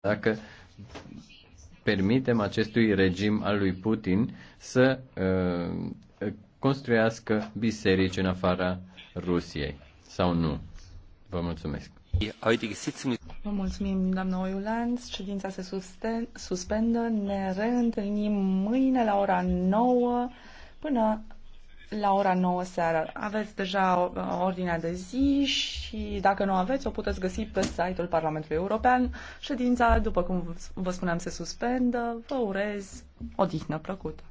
dacă permitem acestui regim al lui Putin să uh, construiască biserici în afara Rusiei sau nu. Vă mulțumesc. Vă mulțumim, doamna Oiulanț. Ședința se suspendă. Ne reîntâlnim mâine la ora 9 până la ora 9 seara. Aveți deja uh, ordinea de zi și dacă nu aveți, o puteți găsi pe site-ul Parlamentului European. Ședința, după cum vă spuneam, se suspendă. Vă urez o plăcută.